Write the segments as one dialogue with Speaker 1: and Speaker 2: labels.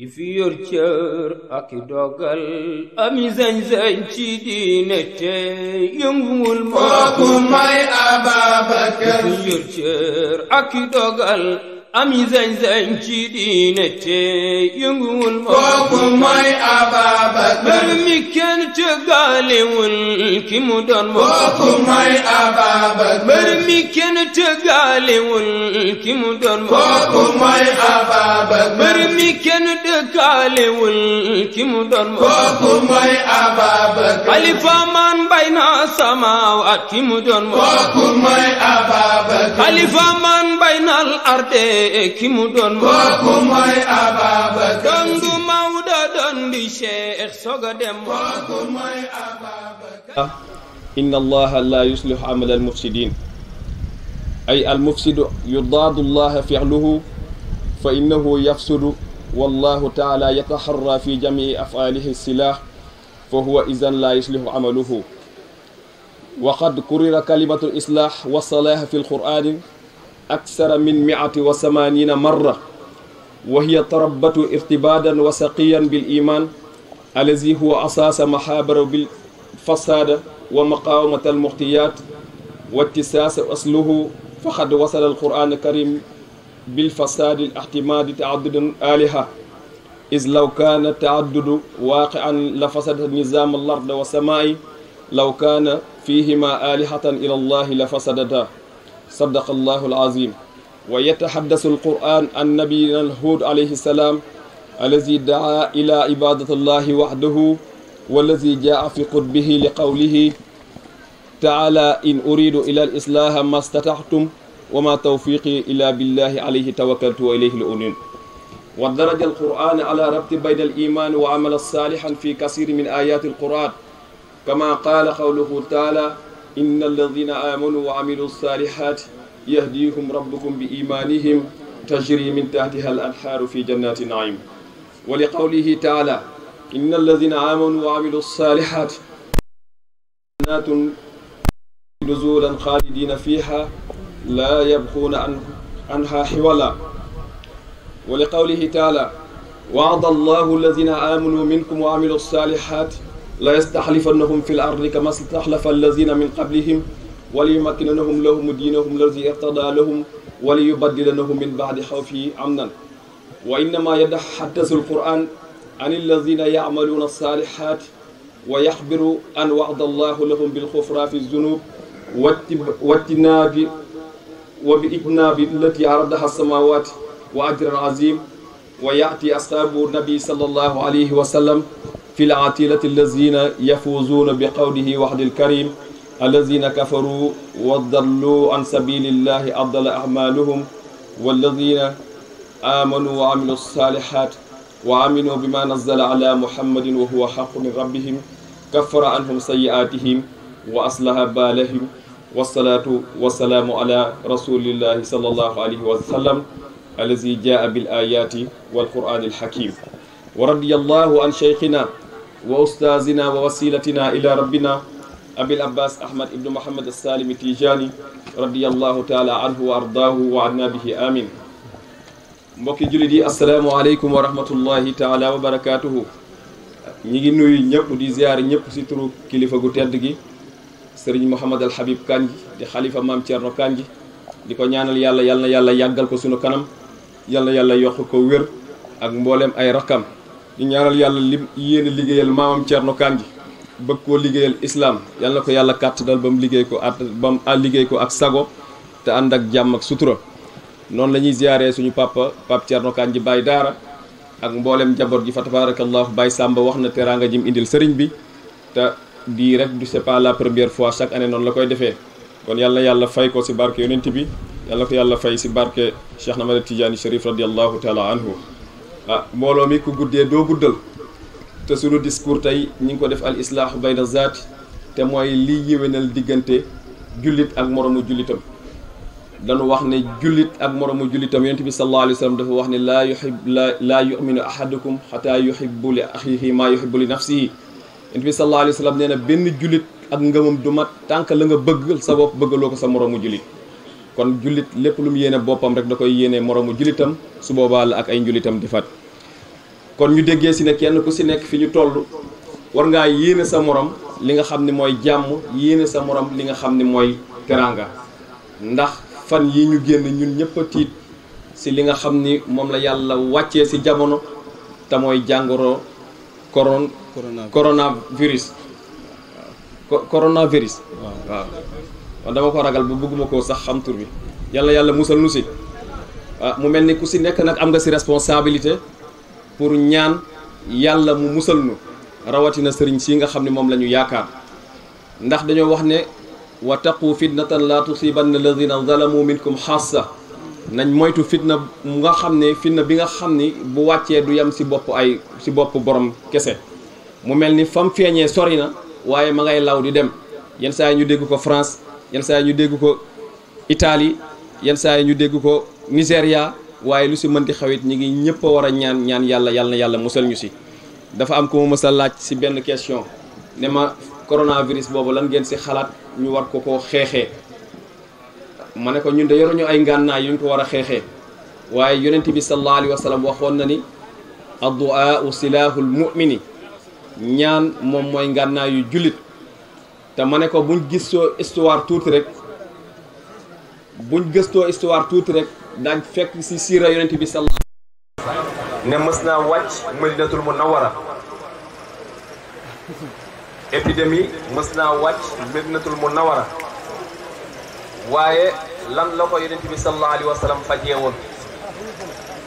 Speaker 1: ki fi yor cër ak i dogal ami sañ ci diine te yënguwul may Ababakar ki fi ak i dogal ci diine te yënguwul moo mi kenn tëggaaliwul ki mu doon moo kooku may Ababakar mbir mi kenn tëggaaliwul ki mu doon moo kooku may Ababakar mbir mi kenn lëkkaalewul ki mu doon moom kooku mooy Ababacar xalifa man bay na samaawaat ki mu doon moom kooku mooy Ababacar xalifa man bay na al arde ki mu doon moom kooku mooy Ababacar doon du Maodo doon di Cheikh soga dem kooku mooy Ababacar
Speaker 2: inna allaha la yuslih amal al mufsidin ay al mufsidu yudaadu allaha fi'luhu fa innahu yafsudu wallahu taala yataxarra fi jamii afaalihi silah fa huwa idan la yuslihu amaluhu wa qad kurira kalimatu lislaax walsalaaha fi lqur'ani aksara min miati wa samanina marra wa hiya tarabatu irtibadan wa saqiyan bil iman allazi huwa asaasa mahabara bil fasada wa maqawamat almuxtiyat wa ittisaasa asluhu faqad wasala alqur'an karim bil fasaadi ihtimaadi taaddudin aliha is law kaana taaddudu waaqian la fasada nizaam al ard wa samaai law kaana fihima alihatan ila allahi la fasadata sadaqa allahu al azim wa yatahaddasu al quran an nabiyina al huud alayhi salaam allazi daa ila ibadati allahi wahdahu wallazi jaa fi qutbihi li qawlihi taala in uridu ila al islaaha ma stataxtum wa ma tawfiqi illa billahi alayhi tawakkaltu wa ilayhi l-unib wa daraja al-qur'an ala rabti bayna al-iman wa amala salihan fi kasiri min ayati al-qur'an kama qala qawluhu taala inna alladina amanu wa amilu salihati yahdihum rabbukum bi imanihim tajri min tahtiha al-anharu fi jannati naim wa li qawlihi taala inna alladina amanu wa amilu salihati jannatun nuzulan khalidina fiha laa yabxuuna an anha xiwala wa li qawlihi taala waada allahu alladina aamanu minkum wa amilu salihat la yastaxlifannahum fi l ardi kama staxlafa alladina min qablihim wa li yumakkinannahum lahum diinahum alladi irtada lahum wa li yubaddilannahum min baadi xawfihi amnan wa innama yataxaddasu alquran an alladina yacmaluuna alsalihat wa yaxbiru an waada allahu lahum bilxufra fi zunub watti wattinaabi wa bi ijnaabi allati aradaha samawaati wa ajran azim wa yaati asxaabu nabi sallallahu alayhi wa sallam fi l atilati allazina yafuuzuuna bi qawlihi waxdil karim allazina kafaru wa dallu an sabilillahi abdala ahmaluhum wallazina amanu wa amilu salihat wa aminu bima nazala ala muhammadin wa huwa xaqu min rabbihim kafara anhum sayi'atihim wa aslaha baalahim wasalaatu wasalaamu ala rasulillahi sallallahu alayhi wa sallam allazi jaa bil ayaati wal qur'ani al hakim wa radiyallahu an cheikhina wa ustaazina wa wasilatina ila rabbina abil abbas ahmad ibnu mohammad assalimi tijani radiyallahu taala anhu wa ardaahu wa anna bihi amin mbokki jullit yi assalaamu aleykum wa rahmatullahi taala wa barakatuhu ñi ngi nuyu ñëpp di ziyaar ñëpp si turu kilifa gu tedd gi sëriñ Mouhamad al Habib Kandji di xalifa maam Thierno Kandji di ko ñaanal yàlla yal na yàlla yàggal ko sunu kanam yal yàlla yokk ko wér ak mbooleem ay rakkam di ñaanal yàlla lim yéen liggéeyal maamam Thierno Kandji bëgg koo liggéeyal islaam yal na ko yàlla kàttanal ba mu liggéey ko at ba ah, liggéey ko ak sago te ànd ak jàmm ak sutura noonu lañuy ñuy ziyaare suñu papa Pape Thierno Kandji Baye Daara ak mbooleem njaboot gi fa tabarakallahu Baye Samba wax na teraanga jim indil sëriñ bi bii rek du c'est la première fois chaque année noonu la koy defee kon yàlla yàlla fay ko si barke yonent bi yàlla ko yàlla fay si barke Cheikh Namada Tidiane Chérif radiallahu taala anhu ah mbooloo mi ko guddee doo guddal te sunu discours tey ñu ngi ko def al islaahu bayna zaat te mooy liy yéwénal diggante jullit ak moromu jullitam danu wax ne jullit ak moroomu jullitam yonent bi sallallahu alayhi wa sallam dafa wax ni laa yuhib laa laa yuminu ahadukum xataa yuhibbu li axihi maa yuhibbu li yonent sa sallallahu alayhi wa nee na benn jullit ak ngëmam du mat tànk la nga bëgg sa bopp bëggaloo ko sa moroomu jullit kon jullit lépp lu mu yéene boppam rek da koy yéene moroomu jullitam su boobaa la ak ay njullitam di fat kon ñu déggee si ne kenn ku si nekk fi ñu toll war ngaa yéene sa moroom li nga xam ni mooy jàmm yéene sa moroom li nga xam ni mooy teraanga ndax fan yi ñu génn ñun ñëpp tiit si li nga xam ni moom la yàlla wàccee si jamono te mooy jàngoro coronavirus coronavirus waaw waaw dama ko ragal ba bëgguma ko sax xam tur yàlla yàlla musal nu si ah, mu mel ni ku si nekk nag am nga si responsabilité pour ñaan yàlla mu musal nu rawatina sëriñ si nga xam ne moom la ñu yaakaar ndax dañoo wax ne wa taqu fitnatan la tusibanna alladina zalamu minkum xaassa nañ moytu fitna mu nga xam ne fitna bi nga xam ni bu wàccee du yem si bopp ay si bopp borom kese mu mel ni fam feeñee sori na waaye ma ngay law di dem yenn saa yi ñu dégg ko France yenn saa yi ñu dégg ko Italie yenn saa yi ñu dégg ko Nigéria waaye lu si mënti xawit ñi ngi ñëpp a war a ñaan ñaan yàlla yàlla yàlla musal ñu si dafa am ko ma mës laaj si benn question ne ma coronavirus boobu lan ngeen si xalaat ñu war ko ko xeexee ma ne ko ñun de yoruñu ay ngànnaay yu ñu ko war a xeexee waaye yonent bi sallallahu alayhi wa sallam waxoon na ni mu'mini ñaan moom mooy ngànnaayu jullit te ma ne ko buñ gistoo histoire tuuti rek buñ gëstoo histoire tuuti rek daañ fekk si siira yonent bi sallallahu ne mës naa wàcc madinatul munawwara épidémie mës naa wàcc madinatul munawwara waaye lan la ko yonent bi sallallahu alayhi fajee woon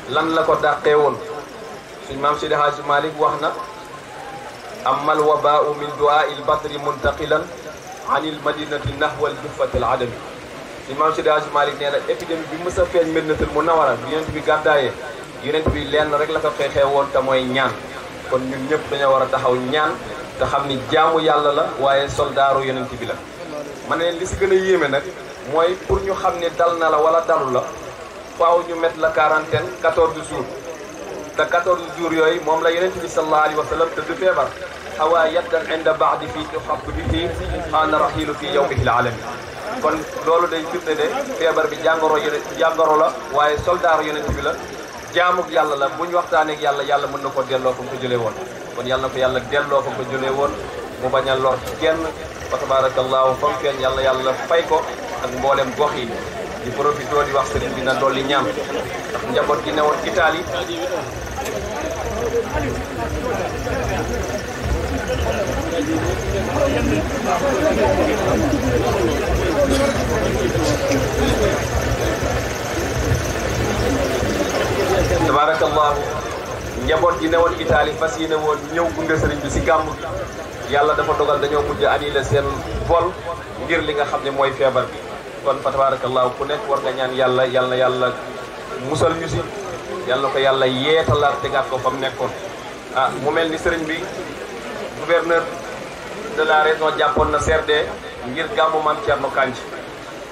Speaker 2: lan la ko dàqee woon suñ maam Seydi Hadji Malick wax na am أما الوباء من دعاء البدر منتقلا عن المدينة نحو الجفة العدمي Imam Seydi Hadji Malick nee na épidémie bi mës a feeñ Medinatul Munawwara bi yonent bi gàddaayee yonent bi lenn rek la ko feexee woon te mooy ñaan kon ñun ñëpp dañoo war a taxaw ñaan te xam ni jaamu yàlla la waaye soldaaru yonent bi la ma ne li si gën a yéeme nag mooy pour ñu xam ne dal na la wala dalu la faaw ñu mettre la quarantaine 14 jours te 14 jours yooyu moom la yonent bi sallallahu alayhi wa sallam tëdd feebar awaa yattan inda baxdi fii tuxab bi fii xaana raxiilu fii yawmihi l-alami kon loolu day firnde feebar bi jàngoro yonent jàngoro la waaye soldaaru yonent bi la jaamuk yàlla la buñ waxtaanee ak yàlla yàlla mën na ko delloo fa mu ko jëlee woon kon yàlla ko yàlla delloo fa mu ko jëlee woon mu bañ a lor kenn fa tabarakallahu fam feen yàlla yàlla fay ko ak mboolem gox yi di profité di wax sëriñ bi na dolli ñaan ndax njaboot gi newoon Italie tabarakallahu njaboot gi newoon Italie fas yéene woon ñëw gunge sëriñ bi si gàmm gi yàlla dafa dogal dañoo mujj annulé seen vol ngir li nga xam ne mooy feebar bi kon fa tabaarakallaahu ku nekk war nga ñaan yàlla yàlla yàlla musal ñu si yàlla na ko yàlla yeetalaat tegaat ko fa mu nekkoon. ah mu mel ni sëriñ bi gouverneur de la région jàppoon na CRD ngir gàmmu maam Thierno Kandji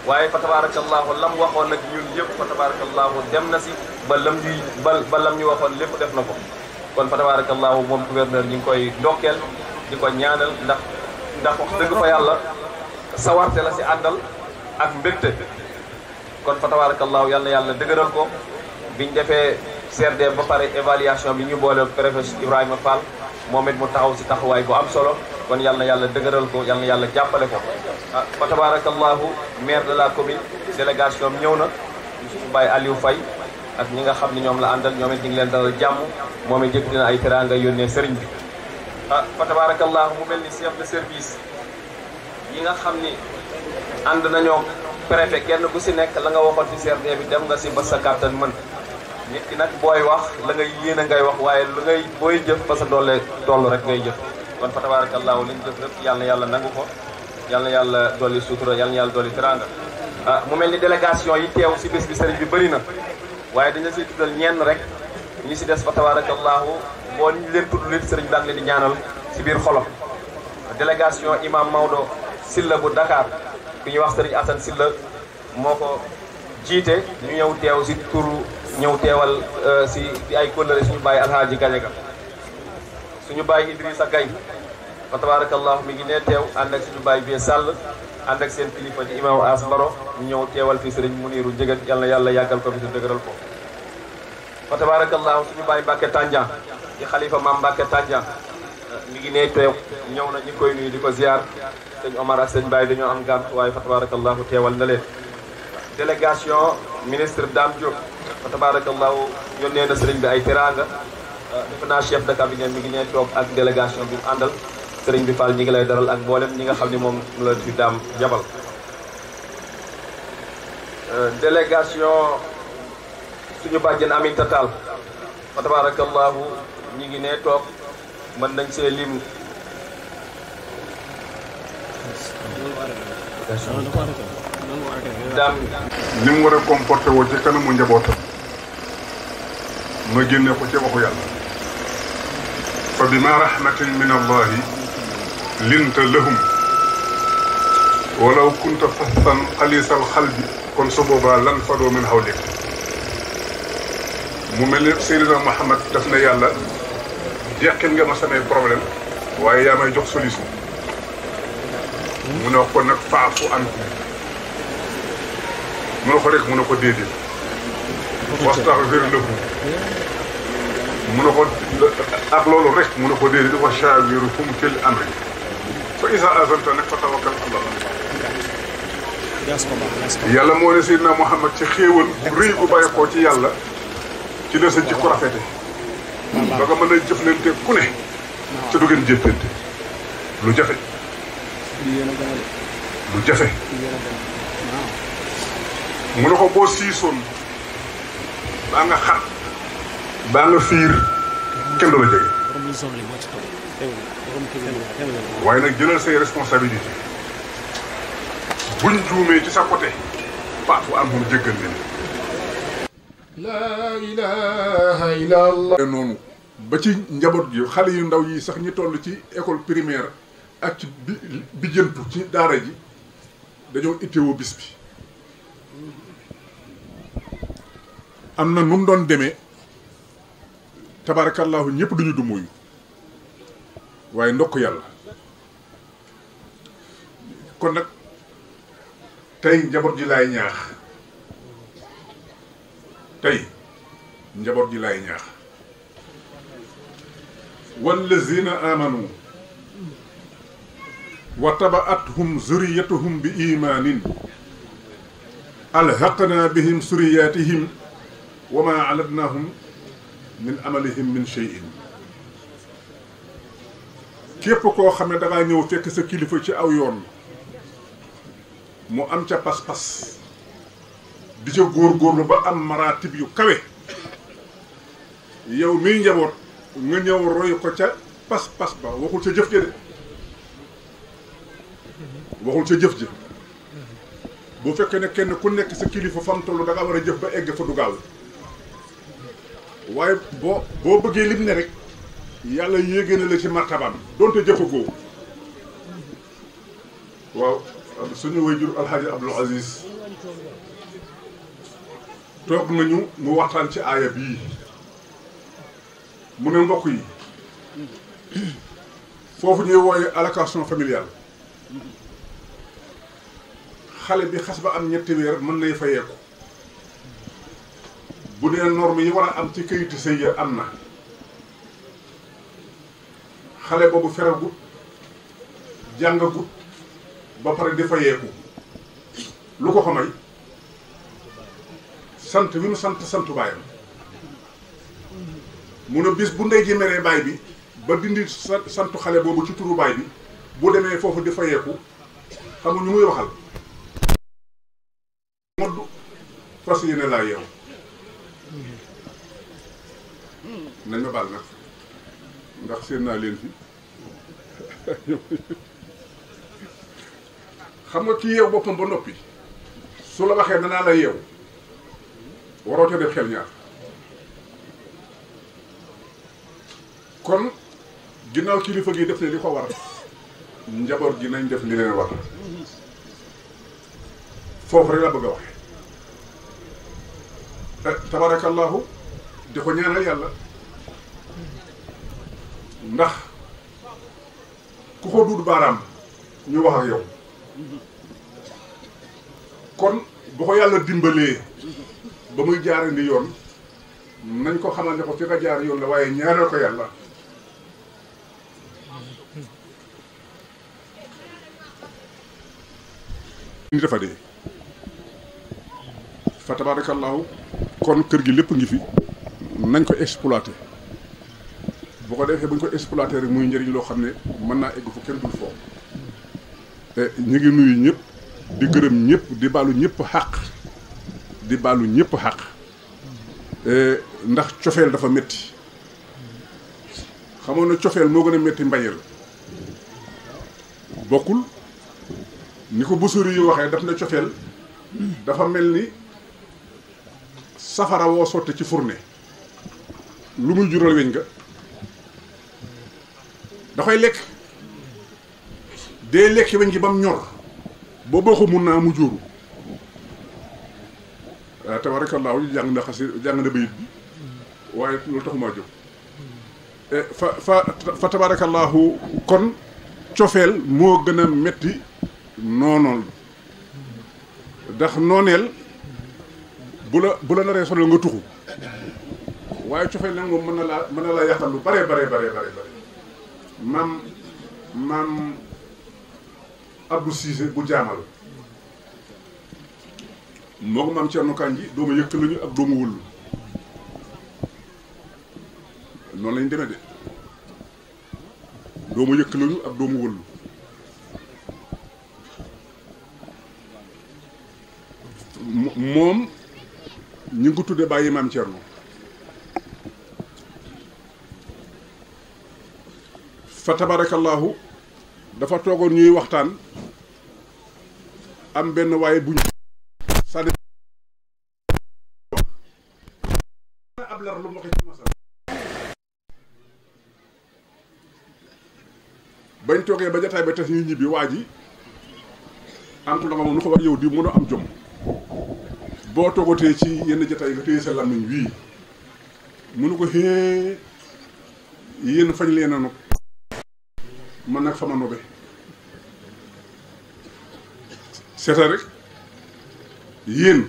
Speaker 2: waaye fa tabaarakallaahu lam waxoon nag ñun yëpp fa tabaarakallaahu dem na si ba lam ñuy ñu waxoon lépp def na ko kon fa tabaarakallaahu moom gouverneur ñu ngi koy ndokkeel di ko ñaanal ndax ndax wax dëgg fa yàlla sawarte la si àndal. ak mbégte kon fa tabaarakallaahu yàlla yàlla dëgëral ko biñ defee CRD ba pare évaluation bi ñu boole préfet Ibrahima Fall moom it mu taxaw si taxawaay boo am solo kon yàlla yàlla dëgëral ko yàlla yàlla jàppale ko ah fa tabaarakallaahu maire de la commune délégation ñëw na suñu bàyyi Aliou Faye ak ñi nga xam ni ñoom la àndal ñoom it ñu ngi leen dalal jàmm moom it yëkkati na ay teraanga yónnee sëriñ bi ah fa tabaarakallaahu mu mel ni chef de service yi nga xam ànd nañoo préfet kenn ku si nekk la nga waxoon ci CRD bi dem nga si ba sa kàttan mën nit ki nag booy wax la ngay yéene ngay wax waaye lu ngay booy jëf ba sa doole toll rek ngay jëf kon fa tabaarakallaahu liñ jëf rek yàlla na yàlla nangu ko yàlla yàlla dolli sutura yàlla na yàlla dolli teraanga ah mu mel ni délégation yi teew si bés bi sëriñ bi bëri na waaye dañu siy tuddal ñenn rek ñi si des fa tabaarakallaahu boo ñu leen tudd lit sëriñ baa ngi leen di ñaanal si biir xolam délégation imam Maodo Silla bu Dakar ku ñuy wax sëriñ Assane Sylla moo ko jiite ñu ñëw teew si turu ñëw teewal euh, si di ay kóllëre suñu bàyyi alhaaji Gajaga suñu bàyyi Idrissa Gaye gay tabarakallahu mi ngi ne teew ànd ak suñu bàyyi bi sàll ànd ak seen kilifa ci imam as mbaro ñu ñëw teewal fi sëriñ Muniru Njëgën yal na yàlla yàggal ko fi te dëgëral ko fa tabarakallahu suñu bàyyi Mbàkke Tànja di xalifa maam Mbàkke Tànja mi ngi teew ñëw na ñu koy nuyu di ko ziar sëñ Omar ak sëñ baay dañoo am gànt waaye fa tabarakallahu teewal na leen délégation ministre Dame Diop fa tabarakallahu yónnee bi ay teraanga euh, defe naa chef de cabinet mi ngi ne toog ak délégation bi mu àndal sëriñ bi Fall ñi ngi lay daral ak mboolem ñi nga xam ne moom la fi daam jabal euh, délégation suñu bàjjen Aminta Tall fa tabarakallahu ñi ngi ne toog mën nañ see arrestation ni mu war a
Speaker 3: comporté woo ci kanamu njabootam nga génne ko ci waxu yàlla fa bima rahmatin min allahi linta lahum walaw kunta fassan xalisal xalbi kon su boobaa lan fadoo min xawlik mu mel ni Seydina Muhammad daf na yàlla jeexil nga samay problème waaye yaa may solution mu ne ko nag faafu am mu ne ko rek mu ne ko déedéet. wastaxfir lahu mu ne ko ak loolu rek mu ne ko déedéet wa shaawirhum fil amri fa izaa azamta nag fa tawakkal ala
Speaker 4: Allah.
Speaker 3: yàlla moo ne Seydina Muhammad ci xéewal rëy bu ko ci yàlla ci la sa jikko rafete ba nga mën a jëflante ku ne. te du ngeen lu jafe. lu jafe mu ne ko boo siisoon baa nga xat baa nga fiir kenn du la jege waaye nag jëlal say responsabilité buñ juumee ci sa côté faafu am moom jéggal leen laa ilaaha illallaah noonu ba ci njaboot gi xale yu ndaw yi sax ñi toll ci école primaire ak ci bi bijjantu ci daara ji dañoo itteewoo bis bi am na nu doon demee tabarakallahu ñëpp duñu du waaye ndokk yàlla kon nag tey njaboot ji lay ñaax tey njaboot ji lay ñaax wallazina amanu wa tabaathum zuriyatuhum bi imaanin bi bihim suriyaatihim wa maa alatnaahum min amalihim min cheyin képp koo xam ne dangaa ñëw fekk sa kilifa ci aw yoon mu am ca pas-pas di ca góorgóorlu ba am maratib yu kawe yow miy njaboot nga ñëw roy ko ca pas-pas ba waxul ca jëf ja de waxul ca jëf ji bu fekkee ne kenn ku nekk sa kilifa fam tollu da nga war a jëf ba egg fa dugal waaye boo boo bëggee lim ne rek yàlla yéege na la ci martabaam donte jëfagoo waaw suñu wayjur alxaaji abdul aziz toog nañu mu waxtaan ci aaya bii mu ne mbokk yi foofu ñuy wooye allocation familiale xale bi xas ba am ñetti weer mën nay fayeeku bu dee norme yi war a am ci këyitu sëy ya am na xale boobu feragut jàngagut ba pare di fayeeku lu ko ko may sant wi mu sant santu baayam mu ne bis bu ndey ji meree baay bi ba dindi santu xale boobu ci turu baay bi bu demee foofu di fayeeku xamu ñu muy waxal fas yéene laa yow nañ ma baal nag ndax séen naa leen fi xam nga kii yeew boppam ba noppi su la waxee danaa la yeew waroo ca def xel ñaar kon ginnaaw kilifa gi def ne li ko war njaboot gi nañ def li leen war foofu rek la bëgg a wax tabarakallahu di ko ñaanal yàlla ndax ku ko duut baaraam ñu wax ak yow kon bu ko yàlla dimbalee ba muy jaarandi yoon nañ ko xamal ne ko fi jaar yoon la waaye ñaanal ko yàlla ni dafa dee fa tabarakallahu kon kër gi lépp ngi fi nañ ko exploité boo ko defee bañ ko exploité rek muy njëriñ loo xam ne mën naa egg fu kenn dul foofu ñu ngi nuyu ñëpp di gërëm ñëpp di baalu ñëpp xàq di baalu ñëpp xàq e, ndax cofeel dafa métti xamoon na cofeel moo gën a metti mbayal bokkul ni ko bësëri yu waxee daf na cofeel dafa mel ni safara woo sotti ci furne lu muy jural weñ ga da koy lekk dee lekk weñ gi ba mu ñor boo ko mun naa mu jóoru waaw ah, tabarakallaahu jàng na xasi jàng na bayit bi waaye loolu taxu maa jóg eh, fa fa fa tabarakallaahu kon cofeel moo gën a metti noonoon ndax nooneel bu la bu la naree sonal nga tuxu waaye cofeel nag moom mën na laa mën na laa yàqal lu bare bare bare bare maam maam Abdou Cissé bu jaamal moo ko maam Cerno Kanji doomu yëkk lañu ak doomu wëllu noonu lañu demee de doomu yëkk lañu ak doomu wëllu moom ñu ngi ko tudde bàyyi maam Thierno fa tabarakallahu dafa toogoon ñuy waxtaan am benn waaye bu ñu sànni bañ toogee ba jataay ba tef ñu ñibbi waa ji am ko la moom nu ko yow di mën am jomm boo toogatee ci yenn jotaay nga téye sa làmmiñ wii mënu ko xee yéen fañ leen a nopp nag fa nobe seeta rek yéen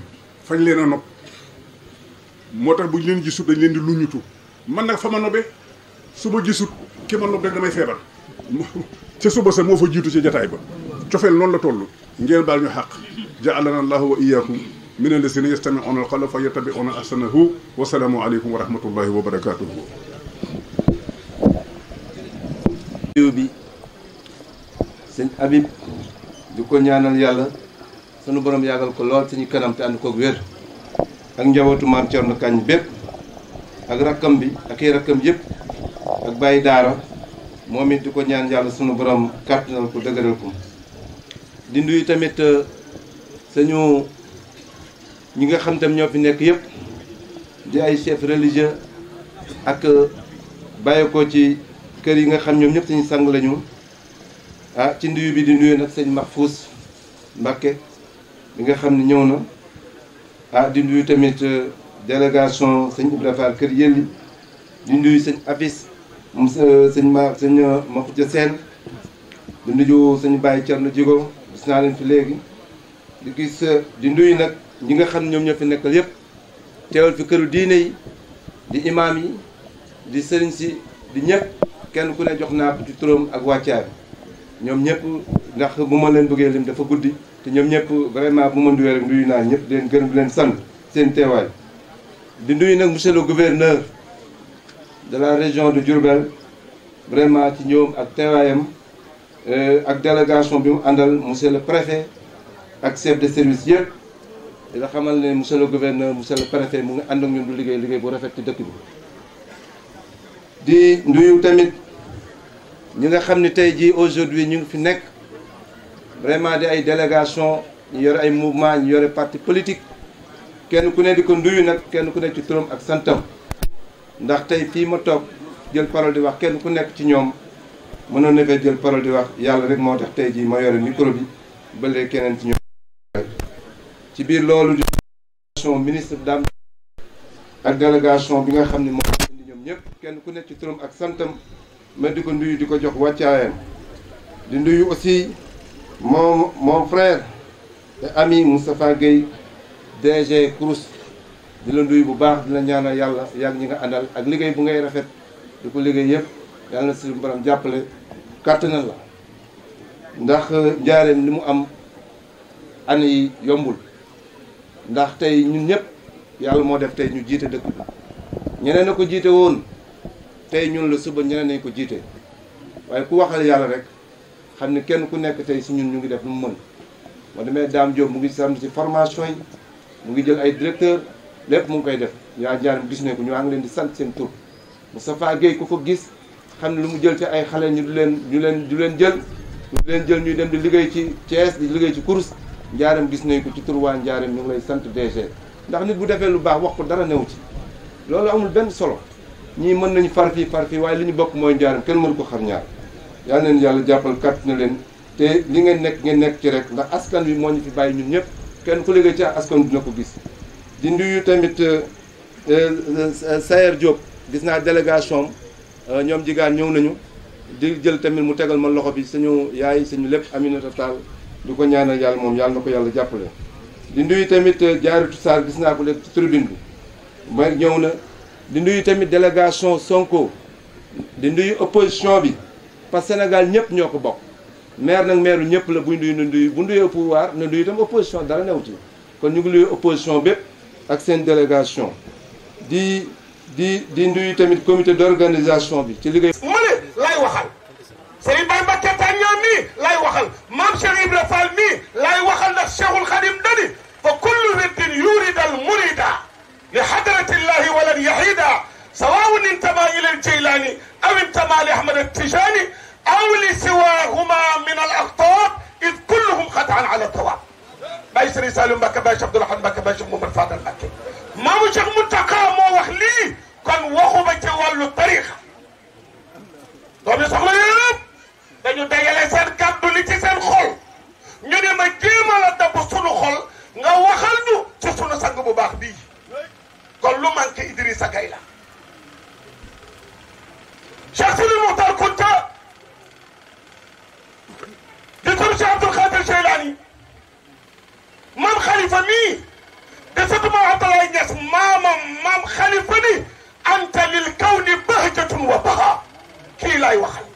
Speaker 3: fañ leen a nopp moo tax bu ñu leen gisut dañ leen di luñutu man nag fa ma nobe su ma gisut ki ma nob rek damay feebar ca suba sa moo fa jiitu ci jataay ba cofeel noonu la toll ngeen baal ñu xàq ja'alana allahu wa iyyakum min alladhina yastami'una al-qawla fa yattabi'una ahsanahu wa salaamu aleykum wa wa barakaatuhu
Speaker 5: réew bi sëñ Habib di ko ñaanal yàlla sunu boroom yàggal ko lool suñu kanam te ànd koog wér ak njabootu maam Thierno bépp ak rakkam bi ak i rakkam yëpp ak bàyyi daara moom it di ko ñaan yàlla sunu borom kàttanal ko dëgëral ko di nuyu tamit sañu ñi nga xam tam ñoo fi nekk yëpp di ay chef religieux ak euh, bàyyeekoo ci kër yi nga xam ñoom ñëpp suñu sang lañu ah ci nduyu bi di nuyu nag sëñ Mahfous Mbacké bi nga xam ne ñëw na ah di nuyu tamit euh, délégation sëñ Ibrahima Fall kër yëlli di nuyu sëñ Afis moom euh, sëñ ma sëñ Makhoudia Sène di nuyu sëñ Baye Thierno Djigo gis naa leen fi léegi di gis di nuyu nag ñi nga xam ñoom ñoo fi nekkal yëpp teewal fi këru diine yi di imaam yi di sëriñ si di ñëpp kenn ku ne jox naa ko ci turam ak wàccaar ñoom ñëpp ndax bu ma leen bëggee lim dafa guddi te ñoom ñëpp vraiment bu ma nuyoo rek nuyu naa ñëpp di leen gërëm di leen sant seen teewaay. di nuyu nag monsieur le gouverneur de la région de Diourbel vraiment ci ñoom ak teewaayam euh, ak délégation bi mu àndal monsieur le préfet ak chef de service yëpp. di la xamal ne monsieur le gouverneur monsieur le préfet mu ngi ànd ak ñun du liggéey liggéey bu rafet ci dëkk bi di nuyu tamit ñi nga xam ni tey jii aujourd'hui ñu ngi fi nekk vraiment di ay délégation ñu yore ay mouvement ñu yore parti politique kenn ku ne di ko nuyu nag kenn ku nekk ci turam ak santam ndax tey fii ma toog jël parole di wax kenn ku nekk ci ñoom mënoon na fee jël parole di wax yàlla rek moo tax tey jii ma yore micro bi ba léegi keneen ci ñoom ci biir loolu di délégation ministre Dame ak délégation bi nga xam ne moom indi ñoom ñëpp kenn ku nekk ci trom ak santam ma di ko nduyu di ko jox wàccaayam di nduyu aussi mon mon frère et ami Moustapha Gueye DG Crous di la bu baax di la ñaanal yàlla yàgg ñi nga àndal ak liggéey bu ngay rafet di ko liggéey yëpp yàlla na si borom jàppale kàttanal la ndax njaareem li mu am année yi yombul ndax tey ñun ñëpp yàlla moo def tey ñu jiite dëkk bi ñeneen a ko jiite woon tey ñun la suba ñeneen nañ ko jiite waaye ku waxal yàlla rek xam ne kenn ku nekk tey si ñun ñu ngi def lu mu mën moo demee Dame Diop mu ngi sam ci formation yi mu ngi jël ay directeur lépp mu ngi koy def yaa jaaram gis ne ko ñu ngi leen di sant seen tur Moustapha Gueye ku ko gis xam ne lu mu jël ci ay xale ñu du leen ñu leen du leen jël ñu leen jël ñuy dem di liggéey ci Thiès di liggéey ci course njaaram gis nañ ko ci tur waa njaaram ñu lay sant DG ndax nit bu defee lu baax wax ko dara newu ci loolu amul benn solo ñii mën nañu far fii far fii waaye li ñu bokk mooy njaaram kenn mënu ko xam ñaar yal neen yàlla jàppal kat na leen te li ngeen nekk ngeen nekk ci rek ndax askan wi moo ñu fi bàyyi ñun ñëpp kenn ku liggéey ci askan dina ko gis di nuyu tamit euh, euh, Sayer Diop gis naa délégation euh, ñoom jigaan ñëw nañu di jël tamit mu tegal ma loxo bi suñu yaay suñu lépp Aminata Tall du ko ñaanal yàlla moom yàlla na ko yàlla jàppale. di nuyu tamit jaaritu euh, Sarr gis naa ko léegi ci tribune bi ma ñëw na di nuyu tamit délégation Sonko di nuyu opposition bi parce que Sénégal ñëpp ñoo ko bokk maire nag maire ñëpp la buy nuyu na nuyu bu nuyoo pouvoir na nuyu tam opposition dara new kon ñu ngi nuyu opposition bépp ak seen délégation di di di nuyu tamit comité d'organisation bi ci liggéey. mu ne
Speaker 6: lay waxal. Serigne Baye Mbacké Tandian mii lay waxal maam Cheikh Ibra Fall mii lay waxal ndax Cheikhul Khadim dani fa kullu wirdin yuridal murida li hadratillahi walan yahida sawaun intama ila al-Jaylani aw intama li Ahmad at-Tijani aw li siwahuma min al-aqtab id kulluhum xataan ala tawaab Baye Serigne Saliou Mbacké Baye Cheikh Abdoul Ahad Mbacké Baye Cheikh Mouhamad Fadal Mbacké maamu Cheikh Mountakha moo wax lii kon waxuma ci wàllu tarixa doomi soxla yëpp dañu dajale seen kàddu li ci seen ñu ne ma jéem a la dabb sunu xol nga waxal ñu ci bu baax bii kon lu manqué Idrissa Gay la Cheikh Sidi Moukhtar Kounta di tur Cheikh Abdoul Khadir Cheylani maam xalifa mii di sutuma Abdoulaye Niass maamam anta lil kawni bahjatun wa baha kii laay waxal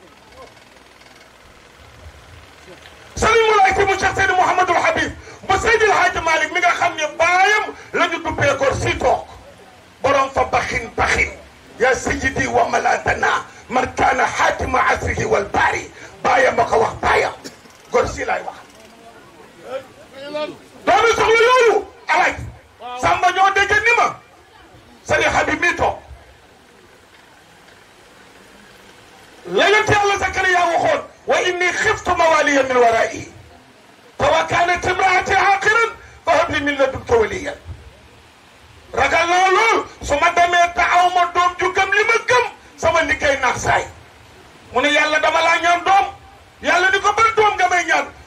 Speaker 6: sëriñ mu lay si mu Cheikh Seydi Mouhamadul Habib bu Seydil Hadji Malick mi nga xam ne baayam la ñu duppee ko si toog borom fa baxin baxin yaa sayyidi wa malatana man kaana xaatima asrihi wal baari baayam ma ko wax baayam góor si laay wax. doomi soxla loolu alaaj samba ñoo dégg ni ma sëriñ Habib mi toog. la yonent yàlla waxoon wa inni xiftu mawaaliya min waraa'i te wa kaanat imraati aaqiran fa hab li min ladunka waliyyan ragal naa su ma demee te aw ma doom ju gëm li ma gëm sama liggéey naax saay mu ne yàlla dama laa ñaan doom yàlla ni ko ban doom nga may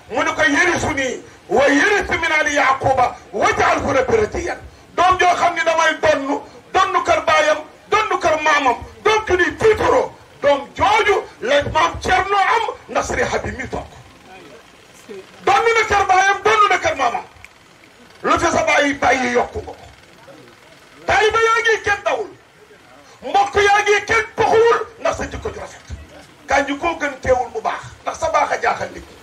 Speaker 6: mu ne ko yarisuni wa yarisu min aali yaquba waj'alhu rabbi radiyyan doom joo xam ne damay doom ju ni tiitaroo doom joo lay maam Cerno am ndax Serigne Habib mi toog donn na kër baayam donn na kër maamam lu ca sa bàyyi bàyyi yokku nga ko taaliba yaa ngi kenn dawul mbokk yaa ngi kenn poxuwul ndax sa jikko ju rafet kaa koo gën teewul mu baax ndax sa baax a jaaxal nit ñi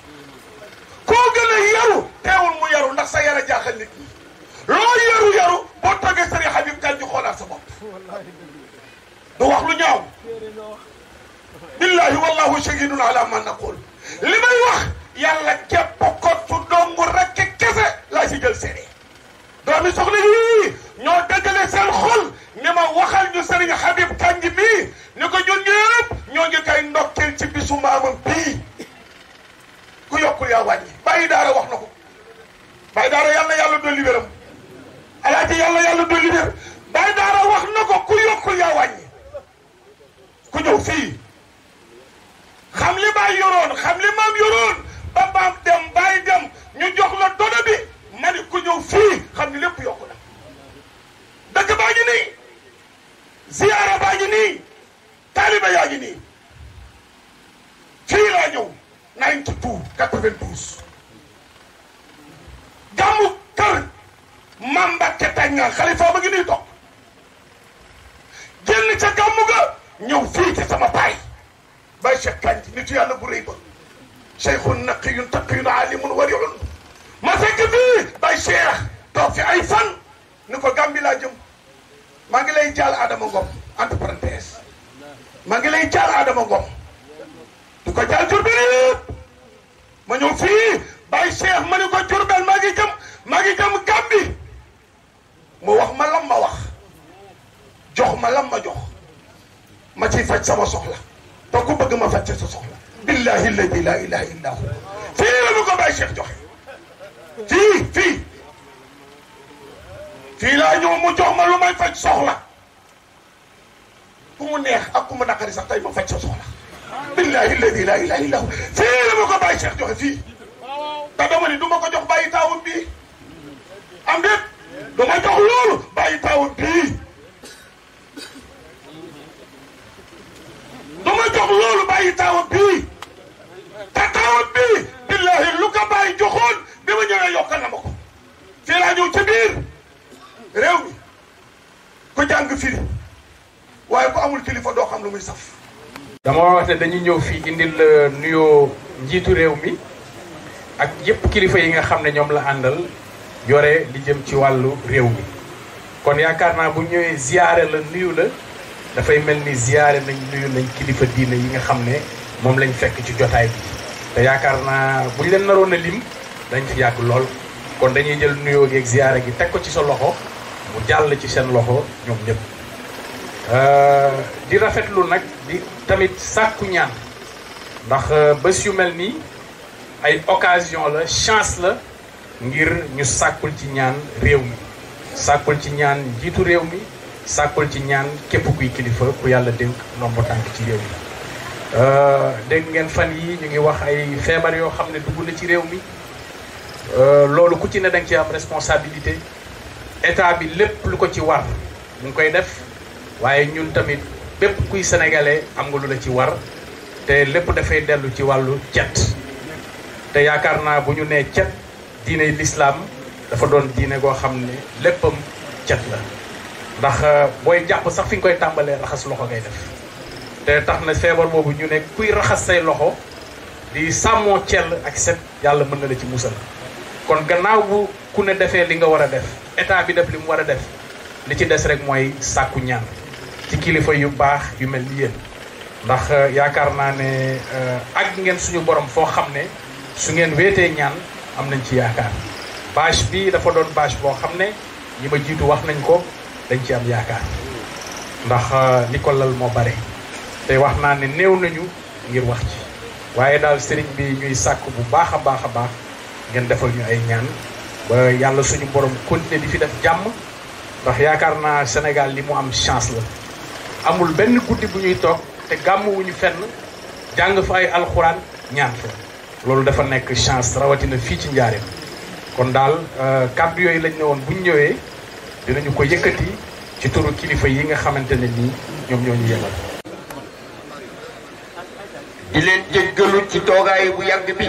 Speaker 6: koo gën a yaru teewul mu yaru ndax sa yar a jaaxal nit loo yaru yaru boo toggee Serigne Habib kaa xoolaat sa bopp du wax lu ñaaw billahi wallahu shahidun ala ma naqul li may wax yàlla képp ko su dong rek kese laa si jël seede doomi soxna yi ñoo dëggale seen xol ni ma waxal ñu sëriñ Habib Kandji mii ni ko ñun ñëpp ñoo ngi koy ndokkeel ci bisu maamam bii ku yokkul yaa wàññi bàyyi daara wax na ko bàyyi daara yàlla yàlla dolli wéram alaaji yàlla yàlla dolli wér bàyyi daara wax na ko ku yokkul yaa wàññi ku ñëw fii xam li baay yoroon xam li maam yoroon ba baam dem baay dem ñu jox la dono ma ni ku ñëw fii xam ni lépp yokku na dëkk baa ngi nii ziyaara baa ngi nii taaliba yaa ngi nii fii laa ñëw 92 92 gàmmu kër Mame Mbacké Tàngal xalifa ba ngi nii toog génn ca gàmmu ga ñëw fii ci sama baay bàyyi Cheikh Kanji nitu yàlla bu rëy ba cheikhun naqiyun taqiyun alimun wariun ma fekk fii bàyyi Cheikh toog fi ay fan ni ko Gàmbi laa jëm maa jaal Adama Ngom entre parenthèse maa ngi lay jaal Adama Ngom di ko jaal Jurbel yëpp ma ñëw fii bàyyi Cheikh ma ni ko Jurbel maa ngi jëm maa ngi jëm Gàmbi wax ma lam wax jox ma lam jox ma ciy faj sama soxla te ku bëgg ma fàcce sa soxla billahi alladi la ilaha illa hu fii la ñu ko bàyyi Cheikh joxe mu jox lu may faj soxla ku mu neex ak ku mu naqari sax tey ma faj sa soxla billahi alladi la ilaha la ñu ko bàyyi Cheikh joxe fii te dama ni du ma ko jox bàyyi taawut bii am déet ma jox loolu bàyyi taawut bii du ma jox loolu bàyyi taawam bii te taawam bii billahi lu ko bàyyi joxoon bi ma ñëwee yokkal na ma ko fii laa ñëw ci biir réew mi
Speaker 4: ku jàng firi waaye ku amul kilifa doo xam lu muy saf dama wax ne dañu ñëw fii indil la nuyoo njiitu réew mi ak yépp kilifa yi nga xam ne ñoom la àndal yore li jëm ci wàllu réew mi kon yaakaar naa bu ñëwee ziyaare la nuyu la dafay mel ni ziyaare nañ nuyu nañ kilifa diine yi nga xam ne moom lañ fekk ci jotaay bi te yaakaar naa buñ leen naroon a lim dañ fi yàgg lool kon dañuy jël nuyoo gi ak ziyaare gi teg ko ci sa loxo mu jàll ci seen loxo ñoom ñëpp euh, di rafetlu nag di tamit sàkku ñaan ndax euh, bés yu mel nii ay occasion la chance la ngir ñu sàkkul ci ñaan réew mi sàkkul ci ñaan njiitu réew mi sàkkul ci ñaan képp kuy kilifa ku yàlla dénk nombo tànk ci réew mi euh, ngeen fan yi ñu ngi wax ay feebar yoo xam ne dugg na ci réew mi euh, loolu ku ci ne danga ci am responsabilité état bi lépp lu ko ci war mu ngi koy def waaye ñun tamit bépp kuy sénégalais am nga lu la ci war te lépp dafay dellu ci wàllu cet te yaakaar naa bu ñu nee cet diine lislaam dafa doon diine goo xam ne léppam cet la ndax euh, booy jàpp sax fi nga koy tàmbalee raxas loxo ngay def te tax na feebar boobu ñu ne kuy raxas say loxo di sàmmoo cell ak set yàlla mën na la ci musal kon gannaaw bu ku ne defee li nga war a def état bi def li mu war a def li ci des rek mooy sàkku ñaan ci kilifa yu baax yu mel ni ndax euh, yaakaar naa ne ak euh, ngeen suñu borom foo xam ne su ngeen weetee ñaan am nañ ci yaakaar bâche bi dafa doon bâche boo xam ne ñi ma jiitu wax nañ ko dañ ci am yaakaar ndax euh, li ko lal moo bare te wax naa ne néew nañu ngir wax ci waaye daal sëriñ bi ñuy sàkk bu baax a baax a baax ngeen defal ñu ay ñaan ba yàlla suñu borom continuer di fi def jàmm ndax yaakaar naa Sénégal li mu am chance la amul benn guddi bu ñuy toog te gàmmuwuñu fenn jàng fa ay alxuraan ñaan fa loolu dafa nekk chance rawatina fii ci njaareem kon daal euh, kàddu yooyu lañ ne woon bu ñu ñëwee dinañu ko yëkkati ci turu kilifa yi nga xamante ne nii ñoom ñoo ñu yemal. di leen jéggalu ci toogaay bu yàgg bi.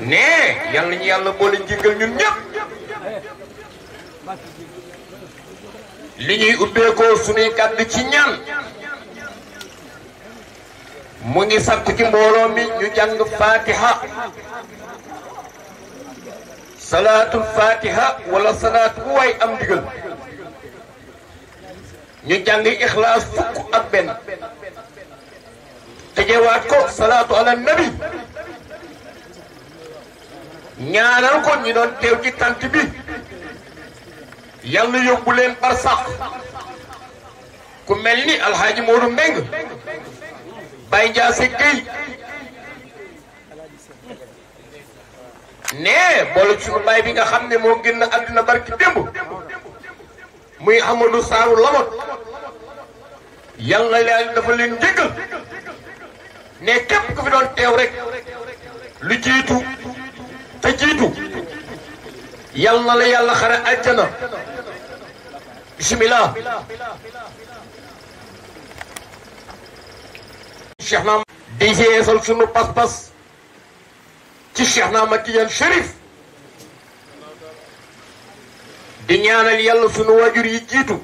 Speaker 5: nee
Speaker 6: yal nañu yàlla boole jéggal ñun ñëpp. li ñuy ubbeekoo suñuy kàddu ci ñaan. mu ngi sakku ci mbooloo mi ñu jàng fatiha. salaatul fatiha wala salaat bu waay am ndigal ñu jàng ixlaas fukk ak benn tëjewaat ko salaatu ala nabi ñaanal ko ñu doon teew ci tant bi yàlla yóbbu leen barsax ku mel ni alxaaji Moodu Mbeng
Speaker 4: Baye Ndiasse Gueye
Speaker 6: nee boole ci suñu baay bi nga xam ne moo génn àdduna barki démb muy Amadou Saaru Lamot yàlla yàlla dafa leen jéggal ne képp ku fi doon teew rek lu jiitu te jiitu yàlla na la yàlla xare àjjana bisimilah. Cheikh Naam di yeesal sunu pas-pas. ci Cheikh na Matidiane Chérif di ñaanal yàlla sunu waajur yi jiitu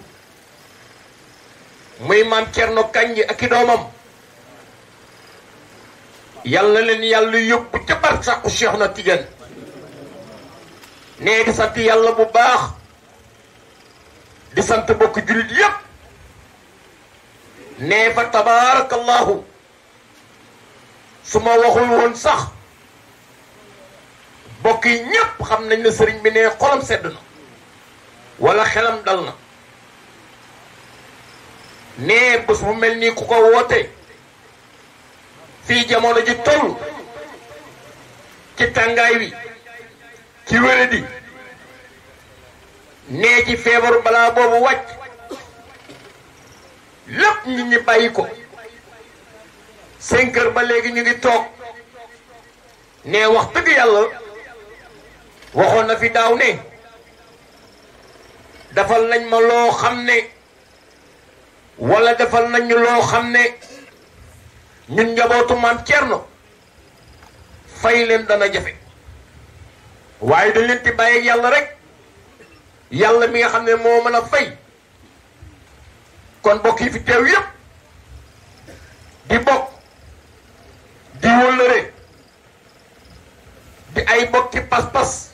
Speaker 6: muy maam Cerno Kanji ak i doomam yàlla leen yàlla yóbbu ca barsàqu Cheikh na Tidiane nee di yàlla bu baax di sant bokk jullit yépp nee fa tabaarakallaahu su ma waxul woon sax bokk yi ñépp xam nañ ne sëriñ bi ne xolam sedd na wala xelam dal na nee bés bu mel nii ku ko woote fii jamono ji toll ci tàngaay wi ci wéradi nee ci feebaru balaa boobu wàcc lépp nit ñi bàyyi ko cinq ba léegi ñu ngi toog nee wax dëgg yàlla waxoon na fi daaw ne defal nañ ma loo xam ne wala defal nañ ñu loo xam ne ñun njabootu maam Thierno fay leen dana jafe waaye dañ leen di bàyyi yàlla rek yàlla mi nga xam ne moo mën a fay kon bokk yi fi teew yépp di bokk di wëllëre di ay bokki pas-pas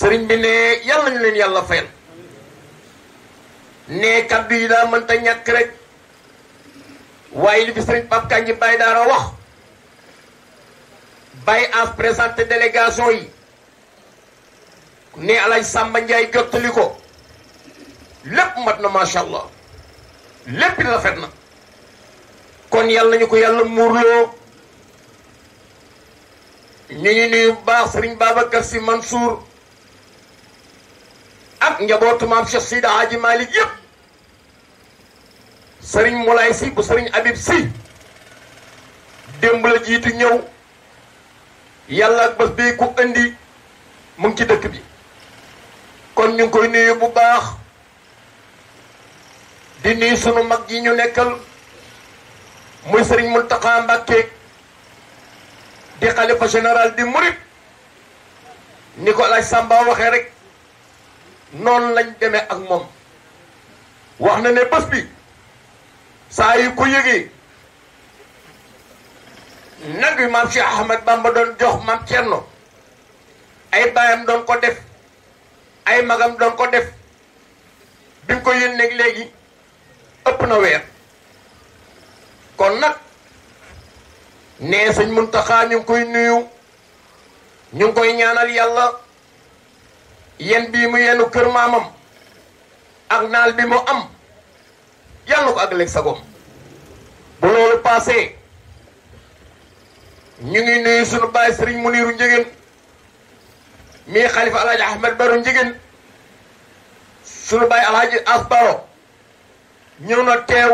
Speaker 6: sëriñ bi ne yàlla ñu leen yàlla fayal ne kaddu yi daa mënta ñàkk rek waaye li bi sëriñ Pape Kandji Baye Daara wax Baye as présenté délégation yi ne sàmba Samba Ndiaye jottali ko lépp mat na macha allah lépp la rafet na kon yàlla nañu ko yàlla muurloo ñu ngi nuyu bu baax sëriñ Babacar Sy Mansour ak njabootu maam Cheikh Seydi Hadji Malick yëpp sëriñ Moulay si bu sëriñ Habib si démb la jiitu ñëw yàlla ak bés bii ku indi mu ngi ci dëkk bi kon ñu ngi koy nuyu bu baax di nuyu sunu mag yi ñu nekkal muy sëriñ Mountakha Mbacké di xalifa général di murit ni ko laaj Samba waxee rek noonu lañ demee ak moom wax na ne bés bi saa yu ko yëgee nag yu maam Cheikh Ahmed Bamba doon jox maam Thierno ay baayam doon ko def ay magam doon ko def bi ko yónnee léegi ëpp na weer kon nag nee sëñ Muntaxa ñu koy nuyu ñu ngi koy ñaanal yàlla. yen bii mu yenu kër maamam ak naal bi mu am yàlla ko àggaleeg sagoom bu loolu passé ñu ngi nuyu sunu baay sëriñ Muniru Njëgeen mii xalifa alhaji Ahmed Baru Njëgeen sunu baay alhaji As Baro ñëw na teew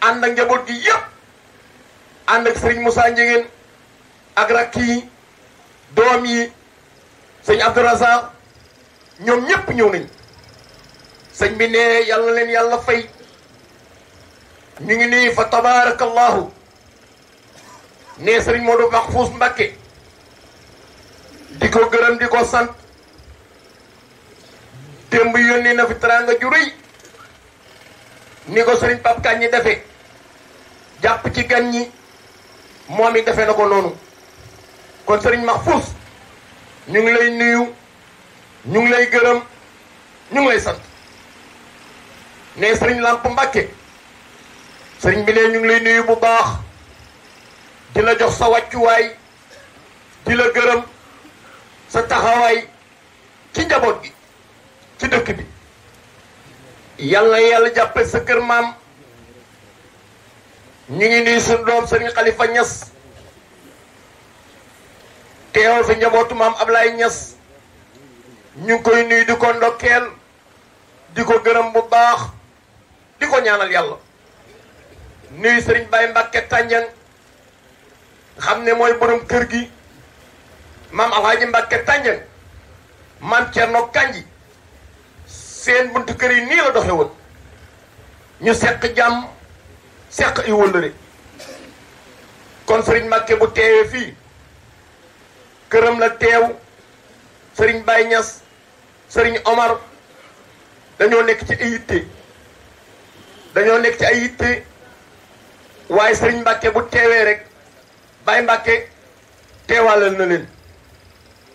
Speaker 6: ànd ak njaboot gi yëpp ànd ak sëriñ Moussa Njëgeen ak rakk doom yi sëñ Abdourazaq ñoom ñépp ñëw nañ sëñ bi ne yàlla leen yàlla fay ñu ngi nii fa tabarakallahu ne sëriñ Modou Mahfous Mbacké di ko gërëm di ko sant démb yónni na fi teraanga ju rëy ni ko sëriñ Pape Kandji defe jàpp ci gan ñi moom it defe na ko noonu kon sëriñ Mahfous ñu ngi lay nuyu ñu ngi lay gërëm ñu ngi lay sant ne sëriñ Lamp Mbàkke sëriñ bi ne ñu ngi lay nuyu bu baax di la jox sa wàccuwaay di la gërëm sa taxawaay ci njaboot gi ci dëkk bi yàlla yàlla jàppale sa kër maam ñu ngi nuyu suñu sëriñ Xalifa Ñas teew fi njabootu maam Ablaye Niass ñu ngi koy nuyu di ko ndokkeel di ko gërëm bu baax di ko ñaanal yàlla nuyu Serigne Baye Mbacke Tandiang xam ne mooy borom kër gi maam Alhaji Mbacke Tandiang maam Thierno Kanji seen buntu kër yi nii la doxe woon ñu seq jàmm seq i wëllëre kon Serigne Mbacke bu teewee fii këram la teew sëriñ Baye Niass sëriñ Omar dañoo nekk ci ay yitte dañoo nekk ci ay yitte waaye sëriñ Mbacke bu teewee rek Baye Mbacke teewaalal na leen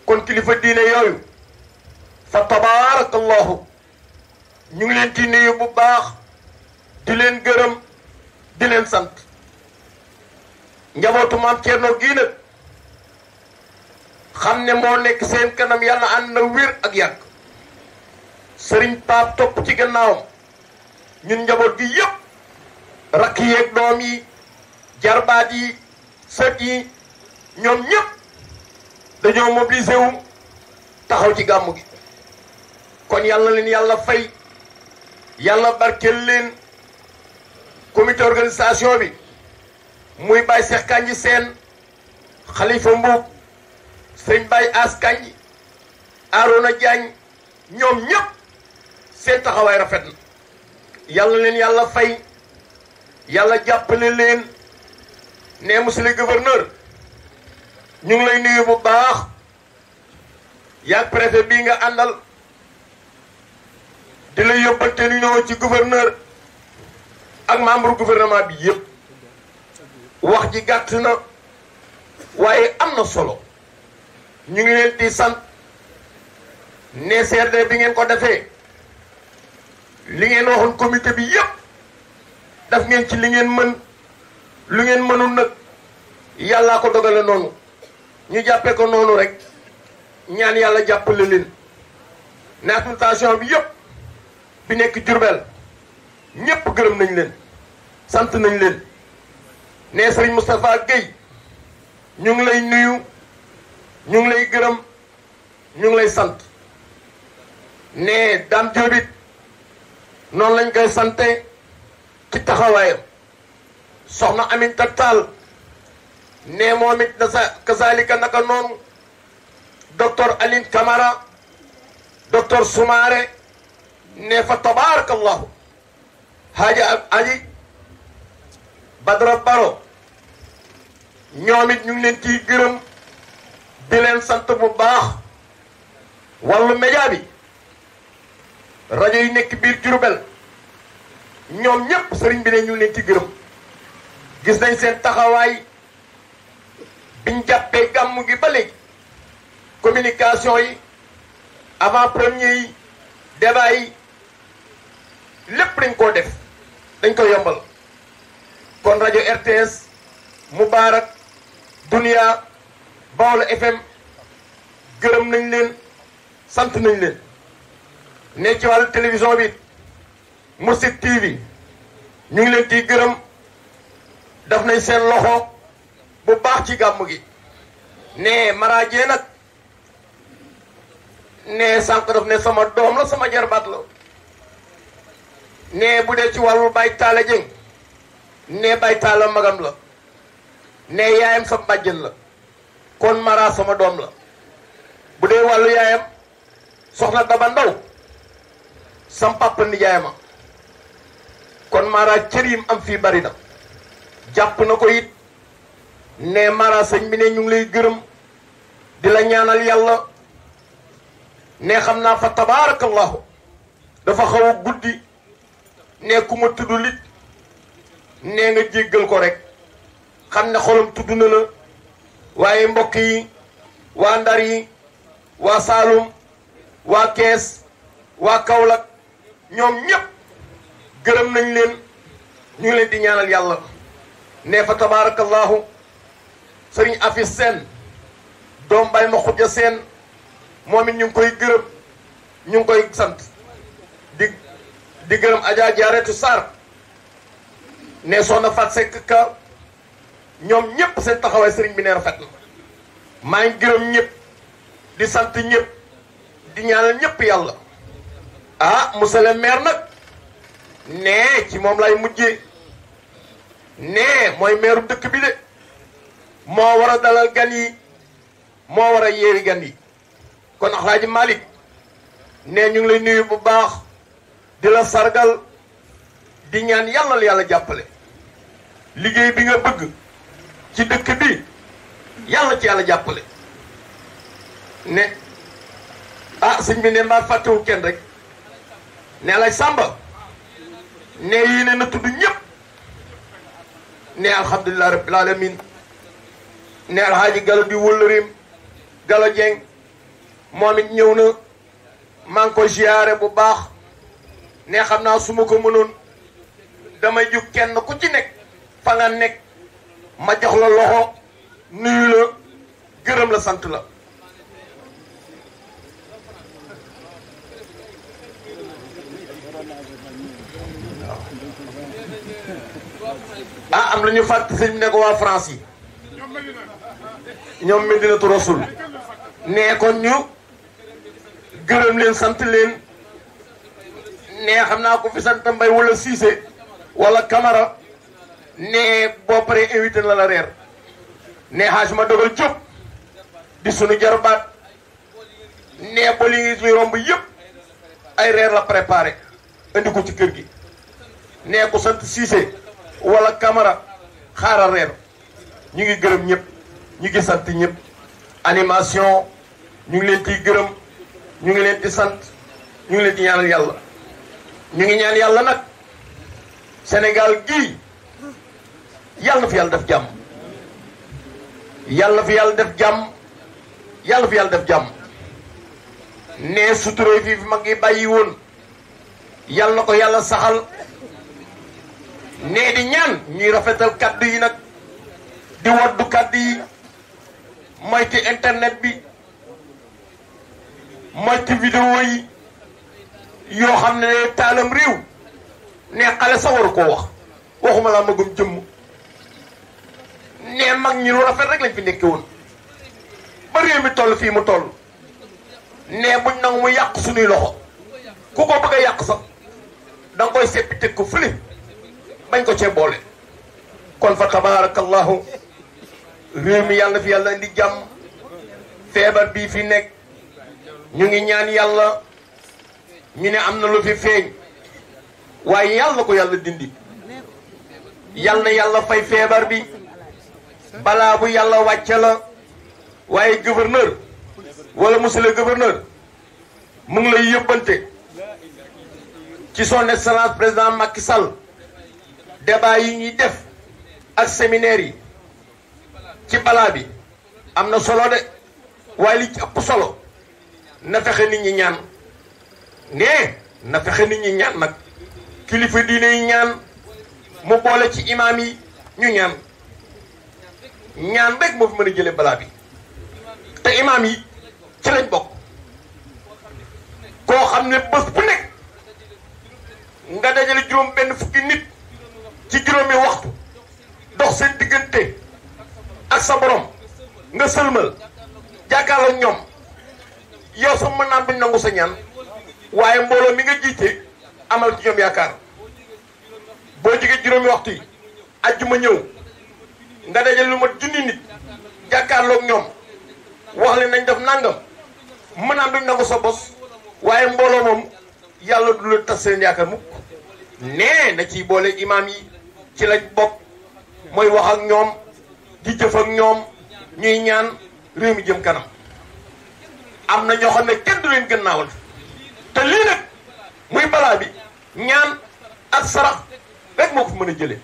Speaker 6: kon kilifa diine yooyu fa tabarakallahu ñu ngi leen di nuyu bu baax di leen gërëm di leen sant njabootu maam Thierno gii xam ne moo nekk seen kanam yàlla ànd na wér ak yàgg sëriñ Pape topp ci gannaawam ñun njaboot gi yëpp rakk yeeg doom yi jarbaat yi sët yi ñoom ñëpp dañoo mobilisé wu taxaw ci gàmm gi kon yàlla leen yàlla fay yàlla barkeel leen comité organisation bi muy Baye Cheikh Kandji Sène xalifa Mbuub sëñ Baye Askañ Arona Diagne ñoom ñëpp seen taxawaay rafet na yàlla leen yàlla fay yàlla jàppale leen ne monsieur le gouverneur ñu ngi lay nuyu bu baax yaag préfet bii nga àndal di lay yóbbante ñu ci gouverneur ak membre gouvernement bi yëpp wax ji gàtt na waaye am na solo ñu ngi leen di sant ne CRD bi ngeen ko defee li ngeen waxoon comité bi yëpp daf ngeen ci li ngeen mën lu ngeen mënul nag yàllaa ko dogale noonu ñu jàppee ko noonu rek ñaan yàlla jàppale leen ne administration bi yëpp bi nekk Jurbel ñëpp gërëm nañ leen sant nañ leen ne Serigne Moustapha Guèye ñu ngi lay nuyu ñu ngi lay gërëm ñu ngi lay sant ne Dame Diop it noonu lañ koy sante ci taxawaayam soxna Aminta Tall ne moom it na sa kasaalika naka noonu docteur Aline Camara docteur Soumaré ne fa tabarakallahu haaja ak ali Badara Baro ñoom it ñu ngi leen ciy gërëm di sant bu baax wàllu média bi rajo yi nekk biir Diourbel ñoom ñépp sëriñ bi ne ñu leen ci gërëm gis nañ seen taxawaay biñ jàppee gàmmu gi ba léegi communication yi avant premier yi débat yi lépp dañ koo def dañ ko yombal kon rajo RTS Moubarak Dunia Baol FM gërëm nañ leen sant nañ leen ne ci wàllu télévision bi Mourchid TV ñu ngi leen ciy gërëm daf nañ seen loxo bu baax ci gàmm gi ne maraajee nag ne sànq daf ne sama doom la sama jarbaat la ne bu dee ci wàllu Baye Talla Dieng ne Baye Talla magam la ne yaayam sa bàjjen la kon Mara sama doom la bu dee wàllu yaayam soxna Daba Ndaw sam papa nijaayama kon Mara cër yim am fii bari na jàpp na ko it ne Mara sëñ mi ne ñu ngi lay gërëm di la ñaanal yàlla ne xam naa fa tabaarakallahu dafa xaw guddi nekkuma ku tudd lit ne nga jéggal ko rek xam ne xolam tudd na la waaye mbokk yi waa Ndar yi waa Saalum waa Kees waa Kaolack ñoom ñépp gërëm nañ leen ñu ngi leen di ñaanal yàlla ne fa tabaarakallaahu sëriñ Afis Seen doom bay ma xujja seen moom it ñu koy gërëm ñu ngi koy sant di di gërëm Adja Jaaretu Sarr ne soxna Fat Seck ka ñoom ñëpp seen taxawaay sëriñ bi nee rafet na maa ngi gërëm ñëpp di sant ñëpp di ñaanal ñëpp yàlla ah monsieur le maire nag nee ci moom lay mujje nee mooy maire dëkk bi de moo war a dalal gan yi moo war a yeeri gan yi kon Alaaji Malick nee ñu ngi lay nuyu bu baax di la sargal di ñaan yàlla yàlla jàppale liggéey bi nga bëgg ci dëkk bi yàlla ci yàlla jàppale ne ah sëñ bi ne mbaa fàttewu kenn rek ne alaj sàmba ne yii ne na tudd ñëpp ne alhamdulilah rabbil alamin ne alhaaji galo di wëllërim galo jeng moom it ñëw na maa ko ziyaare bu baax ne xam naa suma ko mënoon damay jug kenn ku ci nekk fa nekk ma jox la loxo nuyu la gërëm la sant la ah am na ñu fàtte sëñ ne ko waa France yi ñoom Medinatu Rasul nee kon ñu gërëm leen sant leen nee xam naa ko fi sant mbay wala Cissé wala kamara ne boo paree invité na la reer ne xaaj ma dogal jóg di sunu jarbaat ne ba li ngi romb yëpp ay reer la préparé indi ci kër gi ne ko sant Cissé wala Camara xaaral reer ñu ngi gërëm ñëpp ñu ngi sant ñëpp animation ñu ngi leen ciy gërëm ñu ngi leen di sant ñu ngi leen di ñaanal yàlla ñu ngi ñaan yàlla nag Sénégal gii yàlla na fi yàlla def jàmm yàlla na fi yàlla def jàmm yàlla na fi yàlla def jàmm ne suturé fii fi mag ngi bàyyi woon yàlla na ko yàlla saxal ne di ñaan ñuy rafetal kàddu yi nag di waddu kàddu yi moytu internet bi moytu vidéo yi yoo xam ne taalam réew ne xale sa waru koo wax waxuma laa magum jëmm nee mag ñi lu rafet rek lañ fi nekkee woon ba réew mi toll fii mu toll ne buñ nangu mu yàq suñuy loxo ku ko bëgg a yàq koy seppi teg ko bañ ko cee boole. kon fa tabaarakallaahu réew mi yàlla fi yàlla indi jàmm feebar bii fi nekk ñu ngi ñaan yàlla ñu ne am na lu fi feeñ waaye yàlla ko yàlla dindi yàlla yàlla fay feebar bi. balaa bu yàlla wàcce la waaye gouverneur wala monsieur le gouverneur mu ngi lay yëbbante ci son excellence président Macky Sall débat yi ñuy def ak séminaire yi ci balaa bi am na solo de waaye li ci ëpp solo na fexe nit ñaan ne na fexe nit ñaan mag kilifa diine yi ñaan mu boole ci imaam yi ñu ñaan ñaan rek moo fi mën a jëlee balaa bi te imaam yi ci lañ bokk koo xam ne bés bu nekk nga dajale juróom benn fukki nit ci juróomi waxtu dox seen diggante ak sa boroom nga sëlmal jàkkaarla ñoom yow sa mën naan buñ nangu sa ñaan waaye mbooloo mi nga jiite amal ci ñoom yaakaar boo jege juróomi waxtu yi ajjuma ñëw nga dajal lu mat junni nit jàkkaarloog ñoom wax leen nañ def nangam mën naa duñ nangu sa bos waaye mbooloo moom yàlla du la tas seen yaakaar mukk nee na ciy boole imaam yi ci la bokk mooy wax ak ñoom di jëf ñoom ñuy ñaan réew mi jëm kanam am na ñoo xam ne kenn du leen gannaawal te lii nag muy balaa bi ñaan ak sarax rek moo ko fi mën a jëlee.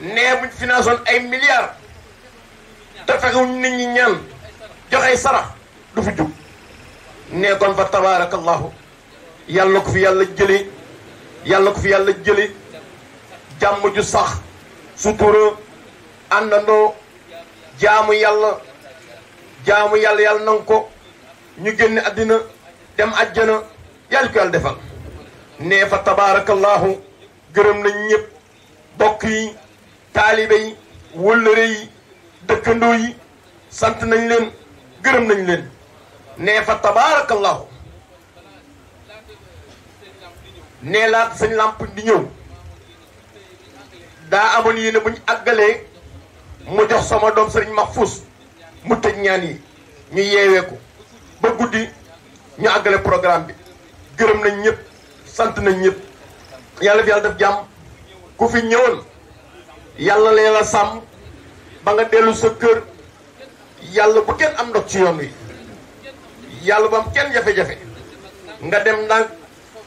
Speaker 6: nee buñ financé ay milliards te fexewuñ nit ñi ñaan joxe sarax du fi jub nee kon fa tabaarakallahu yàlla ko fi yàlla jëlee yàlla ko fi yàlla jëlee jàmm ju sax sutura àndandoo jamu yàlla jamu yàlla yàlla nanga ko ñu génn àddina dem àjjana yàlla ko yàlla defal nee fa tabaarakallahu gërëm nañ ñëpp bokk yi taalibe yi wëllëre yi dëkkandoo yi sant nañ leen gërëm nañ leen nee fa tabaarakallahu nee laata sañ làmp di ñëw daa amoon bu buñ àggalee mu jox sama doom sëriñ Mahfous mu tëj ñaan yi ñu yeewee ko ba guddi ñu àggale programme bi gërëm nañ ñëpp sant nañ ñëpp yàlla bi yàlla def jàmm ku fi ñëwoon yàlla leen la sàmm ba nga dellu sa kër yàlla bu kenn am ndox ci yoon wi yàlla ba am kenn jafe-jafe nga dem nag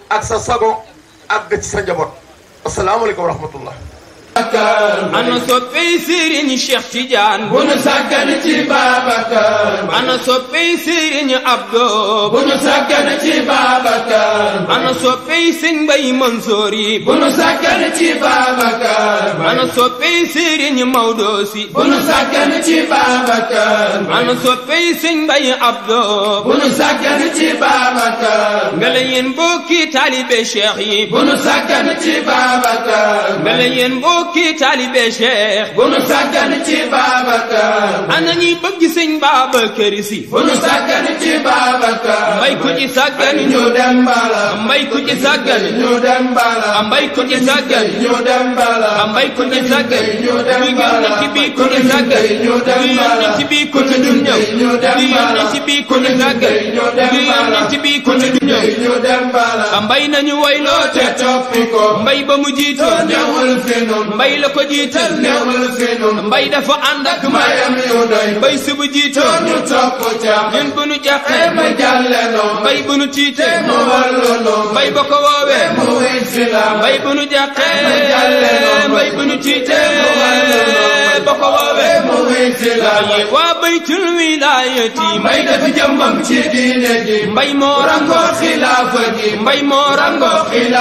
Speaker 6: ak sa sago àgg ci sa njaboot asalaamaaleykum wa rahmatullah
Speaker 1: ana soppey sëriñ Cheikh Tidiane bu nu sàggan ci Babacar ana soppey sëriñ Abdou bu nu sàggan ci Babacar ana soppey sëñ Mbay Mansoor yi bu nu sàggan ci Babacar ana soppey sëriñ Maodo si bu nu sàggan ci Babacar Mbay Abdou bu nu sàggan mbokki taalibe Cheikh. bu nu sàggan ci Babacar. ana ñi bëgg sëñ Babacar Si. bu nu sàggan ci Babacar. mbay ku ci sàggan. ñu dem bala. mbay ku ci sàggan. ñu dem bala. mbay ku ci sàggan. ñu dem bala. mbay ku ci sàggan. ñu dem bala. ñu ci bii ku ci sàggan. ñu dem bala. ñu ci bii ku ci dun ñëw. ñu dem bala. ñu ci bii ku ci sàggan. ñu dem bala. ñu ci bii ku ci dun ñëw. ñu dem bala. mbay nañu wayloo te toppi ko. mbay ba mu jiitoo. ñëwul fi noonu. mbay la ko jiital néewal finum mbay dafa ànd ak mayam yu doy mbay si bu jiital ñu topp ca ñun bu nu jàqee ma jàlleno mbay bu nu tiitee mu wallunu mbay ba ko woowee mu wiy si la mbay bu nu jàqee ma jàlleno mbay bu nu tiitee mu wallunu ba ko woowee mu wiy si la waa baytul wilaayati mbay dafa jëmbam ci diine ji mbay moo rangoo xilaafa ji mbay moo rangoo xilaafa